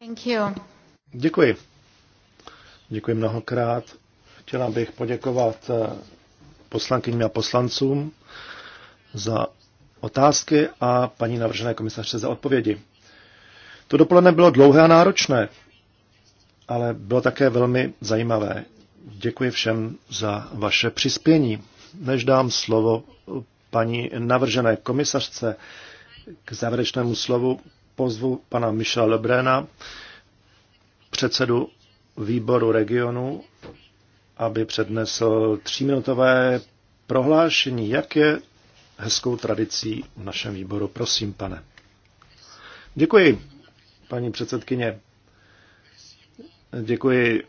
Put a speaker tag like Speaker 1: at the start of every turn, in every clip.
Speaker 1: Thank you. Děkuji. Děkuji mnohokrát. Chtěla bych poděkovat eh, poslankyním a poslancům za otázky a paní navržené komisařce za odpovědi. To dopoledne bylo dlouhé a náročné, ale bylo také velmi zajímavé. Děkuji všem za vaše přispění. Než dám slovo paní navržené komisařce k závěrečnému slovu, pozvu pana Michela Lebrena, předsedu výboru regionu, aby přednesl tříminutové prohlášení, jak je hezkou tradicí v našem výboru. Prosím, pane. Děkuji, paní předsedkyně. Děkuji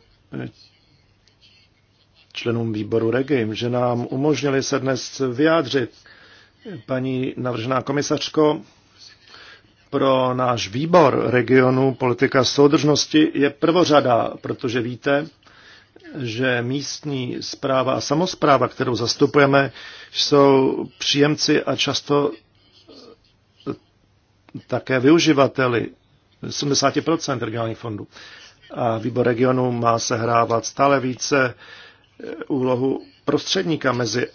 Speaker 1: členům výboru Regim, že nám umožnili se dnes vyjádřit. Paní navržená komisařko, pro náš výbor regionu politika soudržnosti je prvořada, protože víte, že místní zpráva a samozpráva, kterou zastupujeme, jsou příjemci a často také využivateli 70% regionálních fondů. A výbor regionu má sehrávat stále více eh, úlohu prostředníka mezi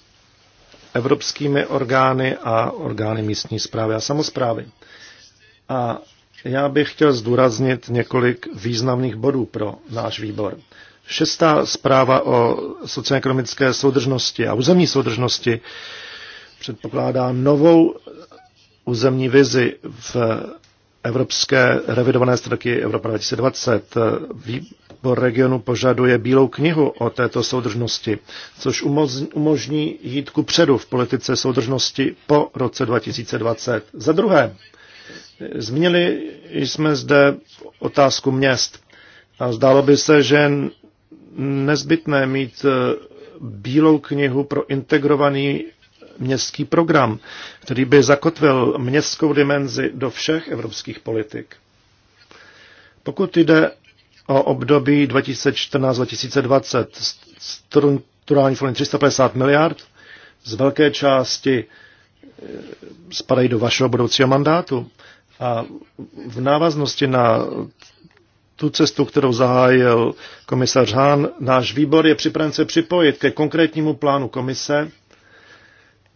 Speaker 1: evropskými orgány a orgány místní zprávy a samozprávy. A já bych chtěl zdůraznit několik významných bodů pro náš výbor. Šestá zpráva o socioekonomické soudržnosti a územní soudržnosti předpokládá novou územní vizi v evropské revidované strategii Evropa 2020. Výbor regionu požaduje bílou knihu o této soudržnosti, což umožní jít ku předu v politice soudržnosti po roce 2020. Za druhé, Zmínili jsme zde otázku měst. A zdálo by se, že je nezbytné mít e, bílou knihu pro integrovaný městský program, který by zakotvil městskou dimenzi do všech evropských politik. Pokud jde o období 2014-2020, strukturální fond 350 miliard, z velké části e, spadají do vašeho budoucího mandátu. A v návaznosti na tu cestu, kterou zahájil komisař Hahn, náš výbor je připraven se připojit ke konkrétnímu plánu komise,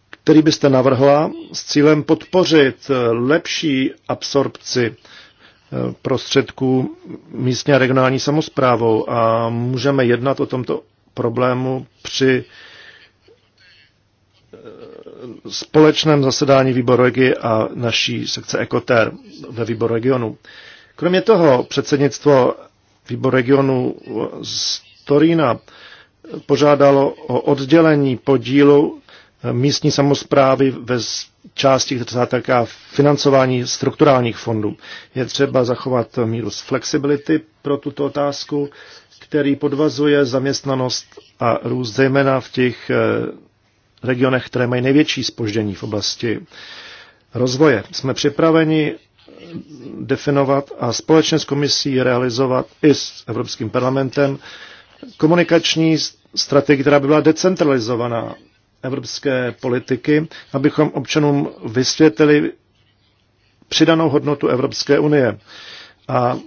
Speaker 1: který byste navrhla s cílem podpořit lepší absorpci eh, prostředků místně a regionální samozprávou a můžeme jednat o tomto problému při společném zasedání výboru regi a naší sekce Ekoter ve výboru regionu. Kromě toho předsednictvo výboru regionu z Torína požádalo o oddělení podílu místní samozprávy ve části, která se týká financování strukturálních fondů. Je třeba zachovat míru z flexibility pro tuto otázku, který podvazuje zaměstnanost a růst zejména v těch eh, regionech, které mají největší spoždění v oblasti rozvoje. Jsme připraveni definovat a společně s komisí realizovat i s Evropským parlamentem komunikační strategii, která by byla decentralizovaná evropské politiky, abychom občanům vysvětlili přidanou hodnotu Evropské unie. A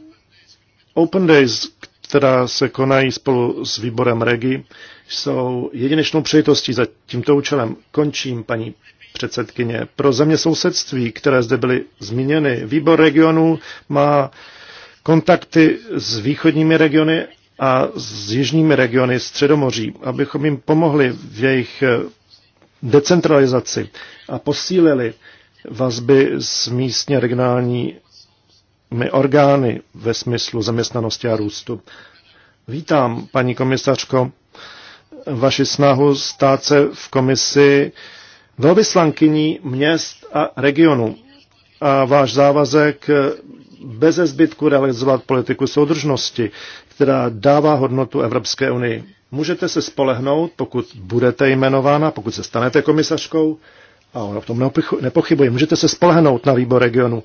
Speaker 1: Open Days, která se konají spolu s výborem REGI, jsou jedinečnou přejitostí za tímto účelem. Končím, paní předsedkyně. Pro země sousedství, které zde byly zmíněny, výbor regionů má kontakty s východními regiony a s jižními regiony Středomoří, abychom jim pomohli v jejich eh, decentralizaci a posílili vazby s místně regionální orgány ve smyslu zaměstnanosti a růstu. Vítám, paní komisařko, vaši snahu stát se v komisi velvyslankyní měst a regionů a váš závazek bez zbytku realizovat politiku soudržnosti, která dává hodnotu Evropské unii. Můžete se spolehnout, pokud budete jmenována, pokud se stanete komisařkou, a o v tom nepochybuji, můžete se spolehnout na výbor regionu,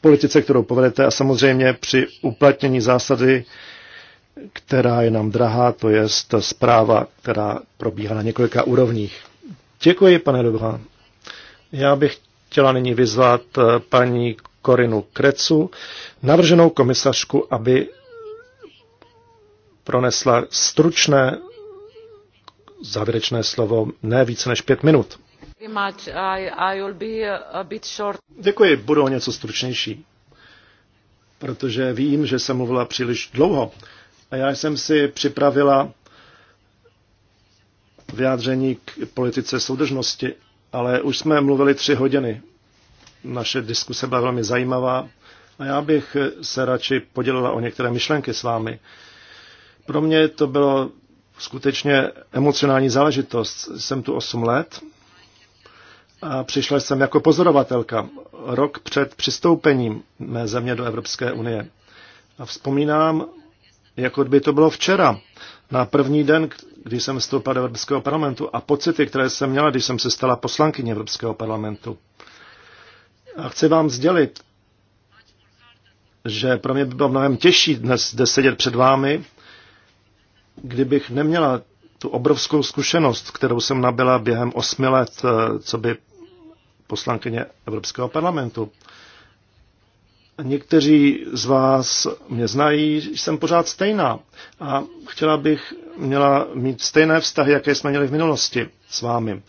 Speaker 1: politice, kterou povedete a samozřejmě při uplatnění zásady, která je nám drahá, to je zpráva, která probíhá na několika úrovních. Děkuji, pane Dobrá. Já bych chtěla nyní vyzvat eh, paní Korinu Krecu, navrženou komisařku, aby pronesla stručné závěrečné slovo ne více než pět minut. Děkuji, budu o něco stručnější, protože vím, že jsem mluvila příliš dlouho. A já jsem si připravila vyjádření k politice soudržnosti, ale už jsme mluvili tři hodiny. Naše diskuse byla velmi zajímavá a já bych se radši podělila o některé myšlenky s vámi. Pro mě to bylo skutečně emocionální záležitost. Jsem tu 8 let a přišla jsem jako pozorovatelka rok před přistoupením mé země do Evropské unie. A vzpomínám, jako by to bylo včera, na první den, kdy jsem vstoupila do Evropského parlamentu a pocity, které jsem měla, když jsem se stala poslankyní Evropského parlamentu. A chci vám sdělit, že pro mě by bylo mnohem těžší dnes zde sedět před vámi, kdybych neměla tu obrovskou zkušenost, kterou jsem nabila během osmi let, eh, co by poslankyně Evropského parlamentu. Někteří z vás mě znají, že jsem pořád stejná a chtěla bych měla mít stejné vztahy, jaké jsme měli v minulosti s vámi.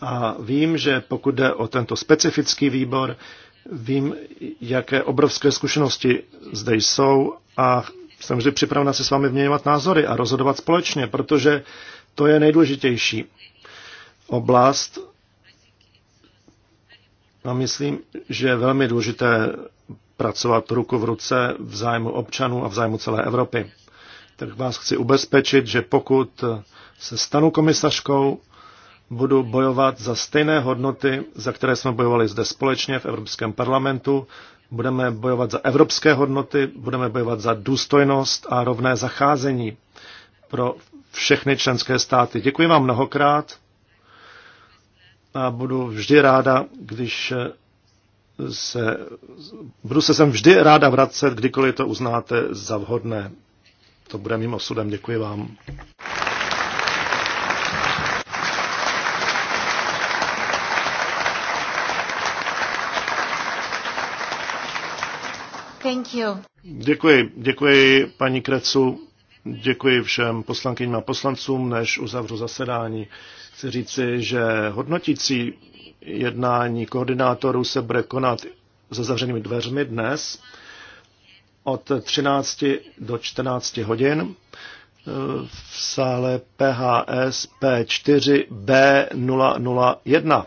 Speaker 1: A vím, že pokud jde o tento specifický výbor, vím, jaké obrovské zkušenosti zde jsou a jsem vždy připravena se s vámi vměňovat názory a rozhodovat společně, protože to je nejdůležitější oblast No, myslím, že je velmi důležité pracovat ruku v ruce v zájmu občanů a v zájmu celé Evropy. Tak vás chci ubezpečit, že pokud se stanu komisařkou, budu bojovat za stejné hodnoty, za které jsme bojovali zde společně v Evropském parlamentu. Budeme bojovat za evropské hodnoty, budeme bojovat za důstojnost a rovné zacházení pro všechny členské státy. Děkuji vám mnohokrát a budu vždy ráda, když se, budu se sem vždy ráda vracet, kdykoliv to uznáte za vhodné. To bude mým osudem. Děkuji vám. Thank you. Děkuji, děkuji paní Krecu Děkuji všem poslankyním a poslancům, než uzavřu zasedání. Chci říci, že hodnotící jednání koordinátorů se bude konat za zavřenými dveřmi dnes od 13 do 14 hodin v sále PHS P4B001.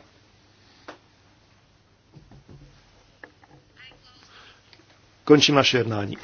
Speaker 1: Končím naše jednání.